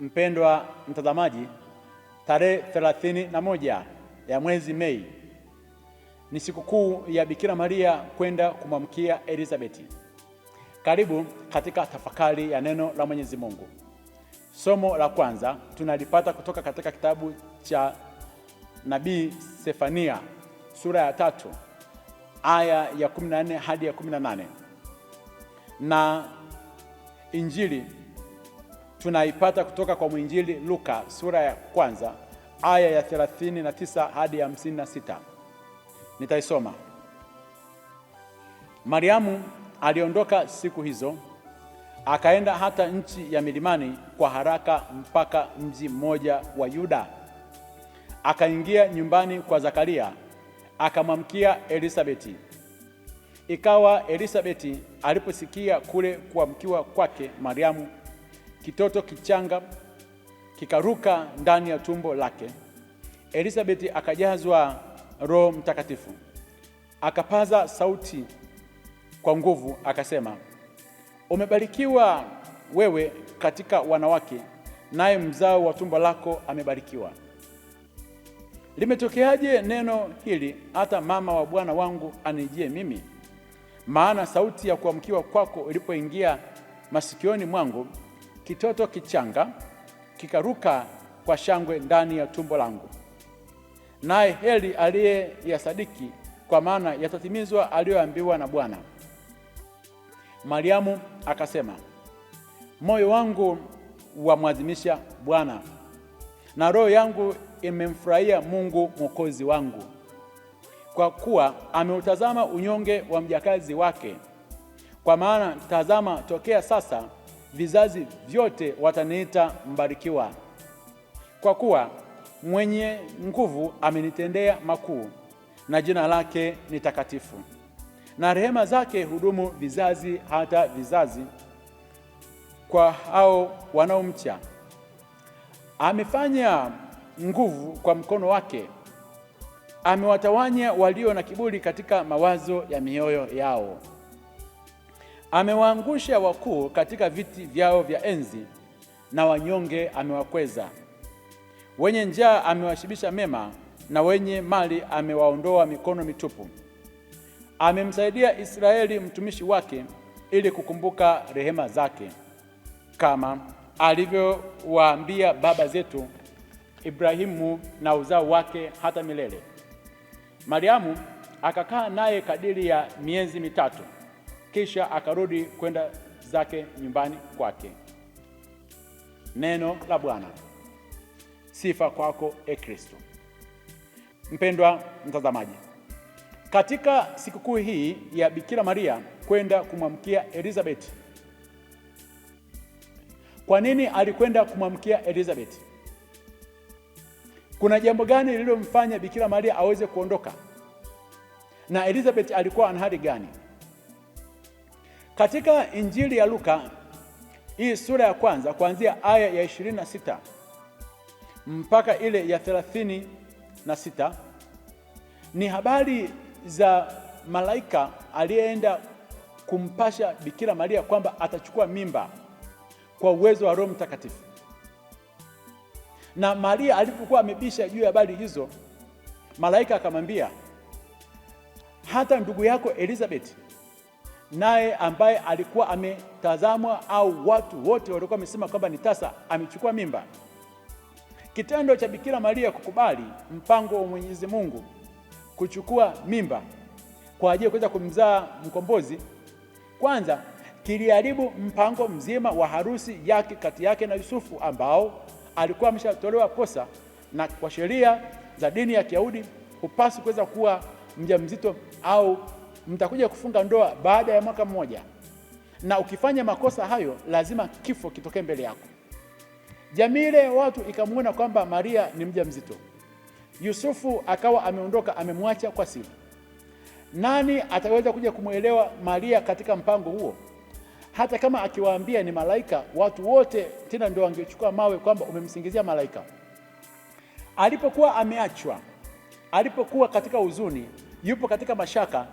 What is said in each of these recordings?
Mpendwa mtazamaji, tarehe thelathini na moja ya mwezi Mei ni sikukuu ya Bikira Maria kwenda kumwamkia Elizabeti. Karibu katika tafakari ya neno la Mwenyezi Mungu. Somo la kwanza tunalipata kutoka katika kitabu cha nabii Sefania sura ya tatu aya ya 14 hadi ya 18 na Injili tunaipata kutoka kwa mwinjili Luka sura ya kwanza aya ya 39 hadi 56. Nitaisoma. Mariamu aliondoka siku hizo akaenda hata nchi ya milimani kwa haraka mpaka mji mmoja wa Yuda. Akaingia nyumbani kwa Zakaria akamwamkia Elisabeti. Ikawa Elisabeti aliposikia kule kuamkiwa kwake Mariamu kitoto kichanga kikaruka ndani ya tumbo lake. Elizabeth akajazwa Roho Mtakatifu, akapaza sauti kwa nguvu akasema, umebarikiwa wewe katika wanawake, naye mzao wa tumbo lako amebarikiwa. Limetokeaje neno hili hata mama wa Bwana wangu anijie mimi? Maana sauti ya kuamkiwa kwako ilipoingia masikioni mwangu kitoto kichanga kikaruka kwa shangwe ndani ya tumbo langu. Naye heri aliye sadiki, kwa maana yatatimizwa aliyoambiwa na Bwana. Mariamu akasema, moyo wangu wamwadhimisha Bwana, na roho yangu imemfurahia Mungu mwokozi wangu, kwa kuwa ameutazama unyonge wa mjakazi wake. Kwa maana tazama, tokea sasa vizazi vyote wataniita mbarikiwa, kwa kuwa mwenye nguvu amenitendea makuu, na jina lake ni takatifu. Na rehema zake hudumu vizazi hata vizazi, kwa hao wanaomcha. Amefanya nguvu kwa mkono wake, amewatawanya walio na kiburi katika mawazo ya mioyo yao. Amewaangusha wakuu katika viti vyao vya enzi, na wanyonge amewakweza. Wenye njaa amewashibisha mema, na wenye mali amewaondoa mikono mitupu. Amemsaidia Israeli mtumishi wake, ili kukumbuka rehema zake, kama alivyowaambia baba zetu, Ibrahimu na uzao wake hata milele. Mariamu akakaa naye kadiri ya miezi mitatu kisha akarudi kwenda zake nyumbani kwake. Neno la Bwana. Sifa kwako e Kristo. Mpendwa mtazamaji, katika sikukuu hii ya Bikira Maria kwenda kumwamkia Elizabeth. Kwa nini alikwenda kumwamkia Elizabeth? Kuna jambo gani lililomfanya Bikira Maria aweze kuondoka, na Elizabeth alikuwa ana hali gani? Katika Injili ya Luka hii sura ya kwanza kuanzia aya ya sita mpaka ile ya na sita ni habari za malaika aliyeenda kumpasha Bikira Maria kwamba atachukua mimba kwa uwezo wa Roho Mtakatifu. Na Maria alipokuwa amebisha juu ya habari hizo, malaika akamwambia, hata ndugu yako Elizabeth naye ambaye alikuwa ametazamwa au watu wote walikuwa wamesema kwamba ni tasa, amechukua mimba. Kitendo cha Bikira Maria kukubali mpango wa Mwenyezi Mungu kuchukua mimba kwa ajili ya kuweza kumzaa mkombozi, kwanza kiliharibu mpango mzima wa harusi yake kati yake na Yusufu ambao alikuwa ameshatolewa posa, na kwa sheria za dini ya Kiyahudi hupaswi kuweza kuwa mjamzito au mtakuja kufunga ndoa baada ya mwaka mmoja, na ukifanya makosa hayo lazima kifo kitokee mbele yako. Jamii ile ya watu ikamwona kwamba Maria ni mja mzito Yusufu akawa ameondoka amemwacha kwa siri. Nani ataweza kuja kumwelewa Maria katika mpango huo? Hata kama akiwaambia ni malaika, watu wote tena ndio wangechukua mawe kwamba umemsingizia malaika. Alipokuwa ameachwa, alipokuwa katika huzuni, yupo katika mashaka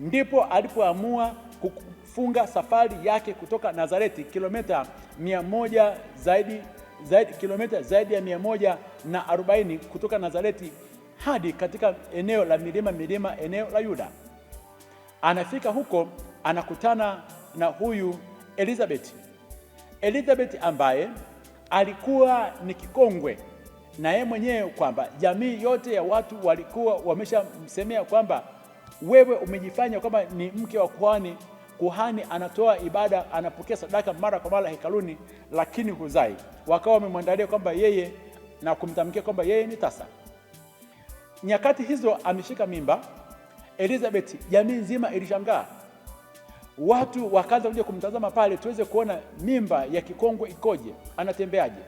ndipo alipoamua kufunga safari yake kutoka Nazareti kilomita mia moja zaidi, zaidi, kilomita zaidi ya mia moja na arobaini kutoka Nazareti hadi katika eneo la milima milima, eneo la Yuda. Anafika huko anakutana na huyu Elizabeth, Elizabeth ambaye alikuwa ni kikongwe na yeye mwenyewe, kwamba jamii yote ya watu walikuwa wameshamsemea kwamba wewe umejifanya kwamba ni mke wa kuhani. Kuhani anatoa ibada, anapokea sadaka mara kwa mara hekaluni, lakini huzai. Wakawa wamemwandalia kwamba yeye na kumtamkia kwamba yeye ni tasa. Nyakati hizo ameshika mimba Elizabeth, jamii nzima ilishangaa. Watu wakaanza kuja kumtazama pale, tuweze kuona mimba ya kikongwe ikoje, anatembeaje.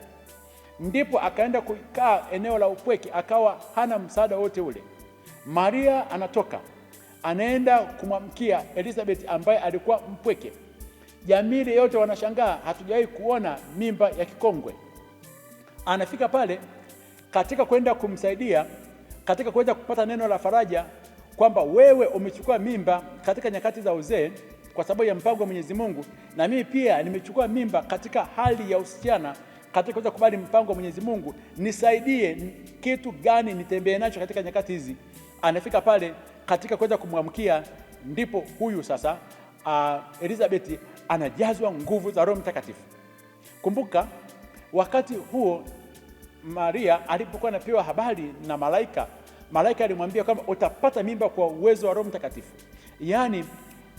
Ndipo akaenda kukaa eneo la upweke, akawa hana msaada wote ule. Maria anatoka anaenda kumwamkia Elizabeth ambaye alikuwa mpweke. Jamii yote wanashangaa, hatujawahi kuona mimba ya kikongwe. Anafika pale katika kwenda kumsaidia, katika kuweza kupata neno la faraja kwamba wewe umechukua mimba katika nyakati za uzee kwa sababu ya mpango wa Mwenyezi Mungu, na mimi pia nimechukua mimba katika hali ya usichana, katika kuweza kubali mpango wa Mwenyezi Mungu. Nisaidie, kitu gani nitembee nacho katika nyakati hizi? Anafika pale katika kuweza kumwamkia, ndipo huyu sasa uh, Elizabeth anajazwa nguvu za Roho Mtakatifu. Kumbuka wakati huo Maria alipokuwa anapewa habari na malaika, malaika alimwambia kwamba utapata mimba kwa uwezo wa Roho Mtakatifu. Yaani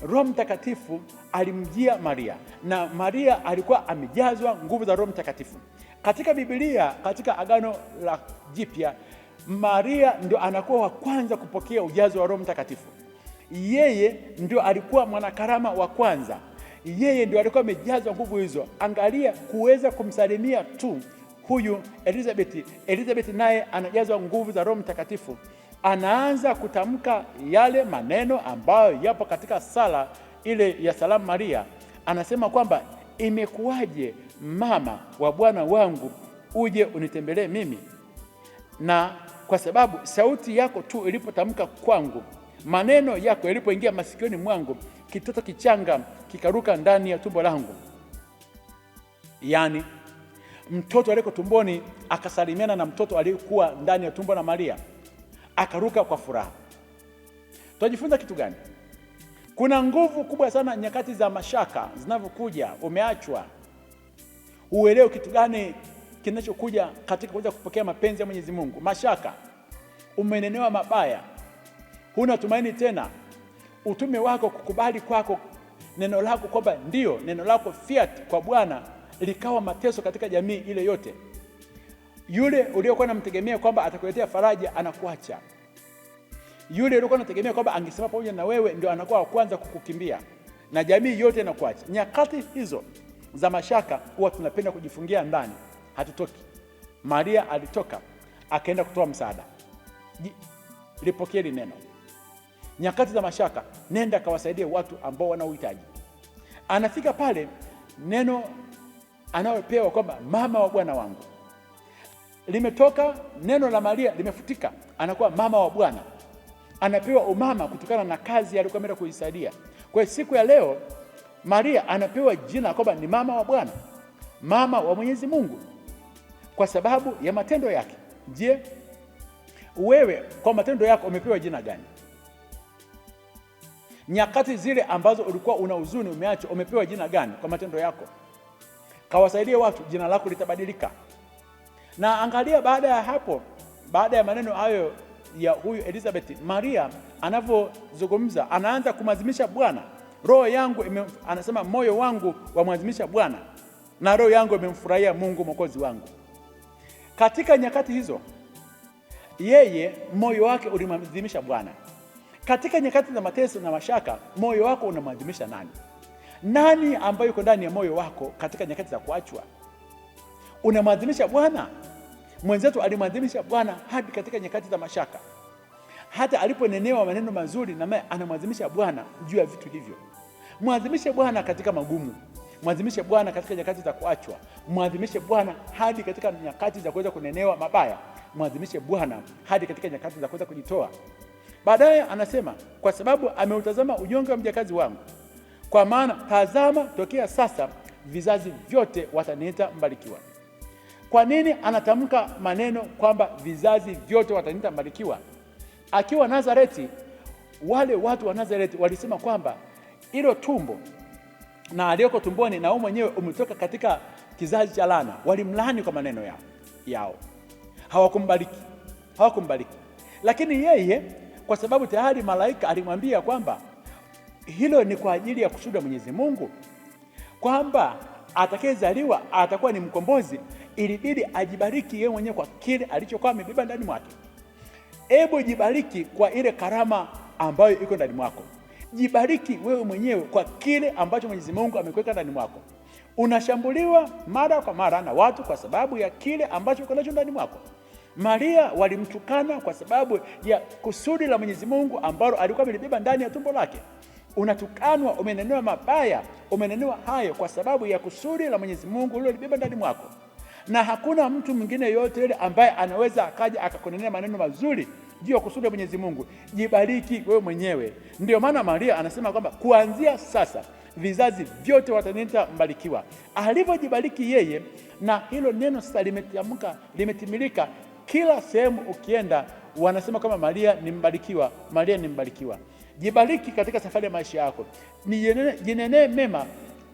Roho Mtakatifu alimjia Maria na Maria alikuwa amejazwa nguvu za Roho Mtakatifu. Katika Biblia, katika Agano la Jipya Maria ndio anakuwa wa kwanza kupokea ujazo wa Roho Mtakatifu. Yeye ndio alikuwa mwanakarama wa kwanza, yeye ndio alikuwa amejazwa nguvu hizo. Angalia kuweza kumsalimia tu huyu Elizabeth. Elizabeth naye anajazwa nguvu za Roho Mtakatifu, anaanza kutamka yale maneno ambayo yapo katika sala ile ya salamu Maria. Anasema kwamba imekuwaje mama wa Bwana wangu uje unitembelee mimi na kwa sababu sauti yako tu ilipotamka kwangu, maneno yako yalipoingia masikioni mwangu, kitoto kichanga kikaruka ndani ya tumbo langu. Yaani mtoto aliyeko tumboni akasalimiana na mtoto aliyekuwa ndani ya tumbo la Maria, akaruka kwa furaha. Tunajifunza kitu gani? Kuna nguvu kubwa sana nyakati za mashaka zinavyokuja, umeachwa, uelewe kitu gani kinachokuja katika kuweza kupokea mapenzi ya Mwenyezi Mungu, mashaka, umenenewa mabaya, huna tumaini tena, utume wako kukubali kwako neno lako kwamba ndio neno lako fiat kwa Bwana likawa mateso katika jamii ile yote. Yule uliokuwa namtegemea kwamba atakuletea faraja anakuacha. Yule uliokuwa unategemea kwamba angesema pamoja na wewe ndio anakuwa wa kwanza kukukimbia, na jamii yote inakuacha. Nyakati hizo za mashaka, huwa tunapenda kujifungia ndani hatutoki. Maria alitoka akaenda kutoa msaada. Lipokeeni neno. Nyakati za mashaka, nenda akawasaidia watu ambao wana uhitaji. Anafika pale, neno anayopewa kwamba mama wa Bwana wangu limetoka. Neno la Maria limefutika, anakuwa mama wa Bwana, anapewa umama kutokana na kazi alikuwa ameenda kuisaidia. Kwa hiyo siku ya leo Maria anapewa jina kwamba ni mama wa Bwana, mama wa Mwenyezi Mungu kwa sababu ya matendo yake. Je, wewe kwa matendo yako umepewa jina gani? Nyakati zile ambazo ulikuwa una huzuni, umeachwa, umepewa jina gani kwa matendo yako? Kawasaidie watu, jina lako litabadilika. Na angalia baada ya hapo, baada ya maneno hayo ya huyu Elizabeth, Maria anavyozungumza, anaanza kumwazimisha Bwana. Roho yangu ime, anasema moyo wangu wamwazimisha Bwana na roho yangu imemfurahia Mungu mwokozi wangu. Katika nyakati hizo yeye moyo wake ulimwadhimisha Bwana. Katika nyakati za mateso na mashaka, moyo wako unamwadhimisha nani? Nani ambayo yuko ndani ya moyo wako katika nyakati za kuachwa? Unamwadhimisha Bwana? Mwenzetu alimwadhimisha Bwana hadi katika nyakati za mashaka, hata aliponenewa maneno mazuri, na anamwadhimisha Bwana juu ya vitu hivyo. Mwadhimishe Bwana katika magumu. Mwadhimishe Bwana katika nyakati za kuachwa, mwadhimishe Bwana hadi katika nyakati za kuweza kunenewa mabaya, mwadhimishe Bwana hadi katika nyakati za kuweza kujitoa. Baadaye anasema kwa sababu ameutazama unyonge wa mjakazi wangu, kwa maana tazama, tokea sasa vizazi vyote wataniita mbarikiwa. Kwa nini anatamka maneno kwamba vizazi vyote wataniita mbarikiwa? Akiwa Nazareti, wale watu wa Nazareti walisema kwamba ilo tumbo na aliyoko tumboni, na wewe mwenyewe umetoka katika kizazi cha laana. Walimlaani kwa maneno yao yao, hawakumbariki hawakumbariki. Lakini yeye kwa sababu tayari malaika alimwambia kwamba hilo ni kwa ajili ya kushuhudia Mwenyezi Mungu kwamba atakayezaliwa atakuwa ni mkombozi, ilibidi ajibariki yeye mwenyewe kwa kile alichokuwa amebeba ndani mwake. Hebu jibariki kwa ile karama ambayo iko ndani mwako. Jibariki wewe mwenyewe kwa kile ambacho Mwenyezi Mungu amekuweka ndani mwako. Unashambuliwa mara kwa mara na watu kwa sababu ya kile ambacho uko nacho ndani mwako. Maria walimtukana kwa sababu ya kusudi la Mwenyezi Mungu ambalo alikuwa amelibeba ndani ya tumbo lake. Unatukanwa, umenenewa mabaya, umenenewa hayo kwa sababu ya kusudi la Mwenyezi Mungu ulilolibeba ndani mwako, na hakuna mtu mwingine yoyote yule ambaye anaweza akaja akakunenea maneno mazuri juu ya kusudi la Mwenyezi Mungu. Jibariki wewe mwenyewe. Ndio maana Maria anasema kwamba kuanzia sasa vizazi vyote wataniita mbarikiwa. Alivyojibariki yeye, na hilo neno sasa limetamka, limetimilika kila sehemu ukienda wanasema kama Maria ni mbarikiwa, Maria ni mbarikiwa. Jibariki katika safari ya maisha yako, jinenee mema,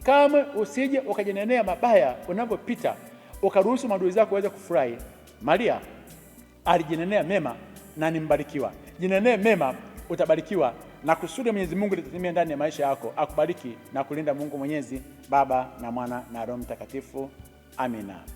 kamwe usije ukajinenea mabaya. Unapopita ukaruhusu maadui zako waweze kufurahi. Maria alijinenea mema na nimbarikiwa. Jinenee mema, utabarikiwa na kusudi Mwenyezi Mungu litatimia ndani ya maisha yako. Akubariki na kulinda Mungu Mwenyezi, Baba na Mwana na Roho Mtakatifu. Amina.